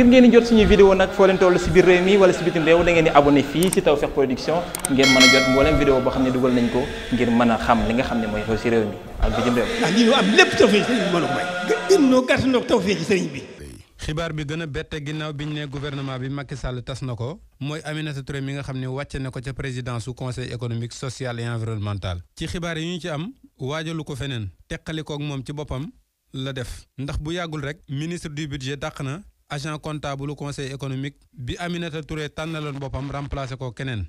ngir ngeen di jot suñuy vidéo nag foo leen toll si biir réew mi wala si bitim réew da ngeen di abonné fii si Tawfekh Production ngeen mën a jot mboolem vidéo boo xam ne dugal nañ ko ngir mën a xam nga xam ne mooy xew si réew mi ak bitim réew. Ah, xibaar bi gën a bette ginnaaw bi ñu ne gouvernement bi Macky Sall tas na ko mooy Aminata Touré mi nga xam ne wàcce ne ko ca présidence su conseil économique social et environnemental. ci xibaar yi ñu ci am waajalu ko feneen teqali koog moom ci boppam la def ndax bu yàggul rek ministre du budget dàq na agent comptable conseil économique bi Aminata Touré tànnaloon boppam remplacé ko keneen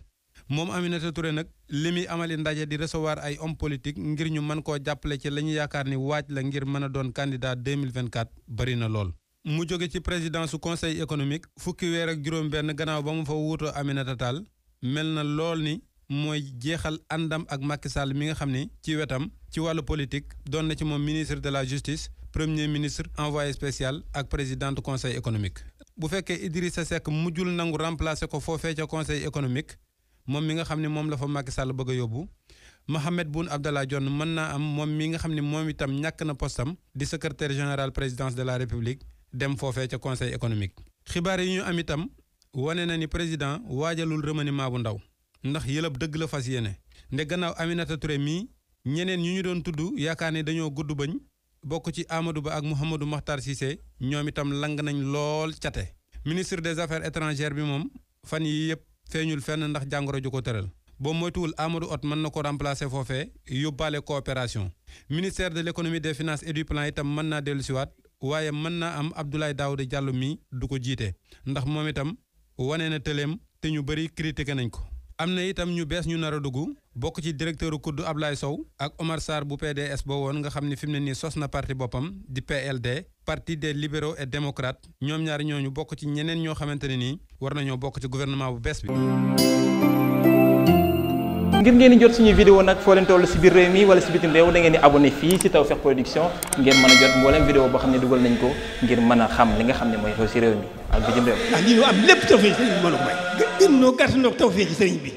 moom Aminata Touré nag li muy amali ndaje di recevoir ay om politique ngir ñu mën koo jàppale ci la ñu yaakaar ni waaj la ngir mën a doon candidat 2024 bari na lool. mu jóge ci présidence conseil économique fukki weer ak juróom-benn gannaaw ba mu fa wuutoo Aminata taal mel na lool ni mooy jeexal àndam ak Macky Sall mi nga xam ne ci wetam ci wàllu politique doon na ci moom ministre de la justice premier ministre envoyé spécial ak président conseil économique. bu fekkee Idrissa Seck mujjul nangu remplacer ko foofee ca conseil économique moom mi nga xam ne moom la fa Macky bëgg a yóbbu Mahammed Boun Abdallah Dionne mën naa am moom mi nga xam ne moom itam ñàkk na postam di secrétaire général président de la république dem foofee ca conseil économique. xibaar yi ñu am itam wane na ni président waajalul remaniement bu ndaw. ndax yëlëb dëgg la fas yéene nde gannaaw Aminata Touré mii ñeneen ñu ñu doon tudd yaakaar ne dañoo gudd bañ bokk ci Amadou Ba ak Mouhamadou Makhtar Cissé ñoom itam lang nañ lool cate ministre des affaires étrangères bi moom fan yii yëpp feeñul fenn ndax jàngoro ju ko tëral boo moytuwul Amadou Hott mën na ko remplacer foofee yóbbaale coopération ministère de l'économie des finance et plan itam mën naa dellu siwaat waaye mën naa am Abdoulaye Daouda jàll mii du ko jiite ndax moom itam wane na tëleem te ñu bëri critiqué nañ ko am na itam ñu bees ñu nar a dugg bokk ci directeur kuddu Ablaye Sow ak Omar Sarr bu PDS ba woon nga xam ne fi mu ne nii sos na parti boppam di PLD parti des libéraux et démocrates ñoom ñoo ñu bokk ci ñeneen ñoo xamante ne nii war nañoo bokk ci gouvernement bu bees bi. ngir ngeen di jot suñu vidéo nag foo leen toll si biir réew mi wala si bitim réew da ngeen di abonné fii si Tawfekh Production ngeen mën a jot mboolem vidéo boo xam ne dugal nañ ko ngir mën a xam li nga xam ne mooy xew si mi. ak bitim réew. Ah, waaw lii ñu am lépp tawfeex ci sëriñ bi mën a may. gën noo gàtt noo tawfeex ci sëriñ bi.